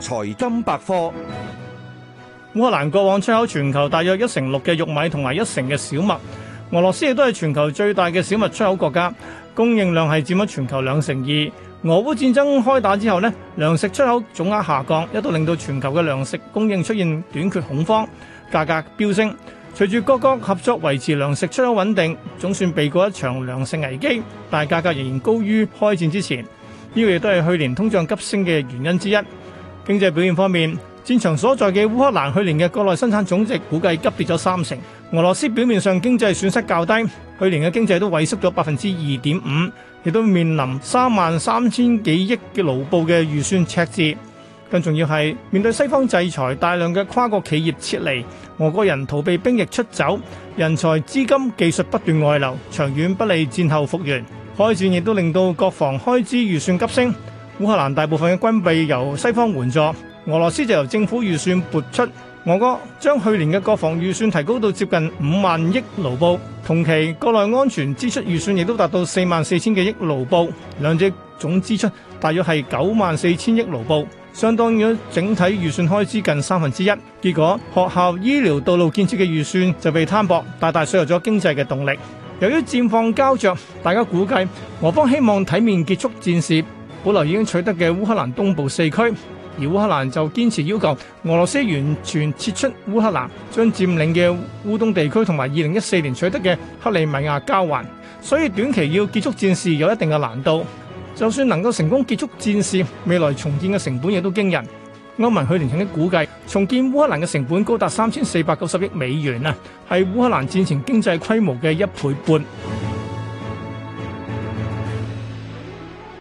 財金百科，烏克蘭過往出口全球大約一成六嘅玉米同埋一成嘅小麥，俄羅斯亦都係全球最大嘅小麥出口國家，供應量係佔咗全球兩成二。俄烏戰爭開打之後呢，糧食出口總額下降，一度令到全球嘅糧食供應出現短缺恐慌，價格飆升。隨住各國合作維持糧食出口穩定，總算避過一場糧食危機，但係價格仍然高於開戰之前。呢個亦都係去年通脹急升嘅原因之一。經濟表現方面，戰場所在嘅烏克蘭去年嘅國內生產總值估計急跌咗三成。俄羅斯表面上經濟損失較低，去年嘅經濟都萎縮咗百分之二點五，亦都面臨三萬三千幾億嘅盧布嘅預算赤字。更重要係面對西方制裁，大量嘅跨國企業撤離，俄國人逃避兵役出走，人才、資金、技術不斷外流，長遠不利戰後復原。開戰亦都令到國防開支預算急升。烏克蘭大部分嘅軍備由西方援助，俄羅斯就由政府預算撥出。俄國將去年嘅國防預算提高到接近五萬億盧布，同期國內安全支出預算亦都達到四萬四千幾億盧布，兩者總支出大約係九萬四千億盧布，相當於整體預算開支近三分之一。結果學校、醫療、道路建設嘅預算就被攤薄，大大削弱咗經濟嘅動力。由於戰況膠着，大家估計俄方希望體面結束戰事。保留已經取得嘅烏克蘭東部四區，而烏克蘭就堅持要求俄羅斯完全撤出烏克蘭，將佔領嘅烏東地區同埋2014年取得嘅克里米亞交還，所以短期要結束戰事有一定嘅難度。就算能夠成功結束戰事，未來重建嘅成本亦都驚人。歐盟去年曾經估計重建烏克蘭嘅成本高達三千四百九十億美元啊，係烏克蘭戰前經濟規模嘅一倍半。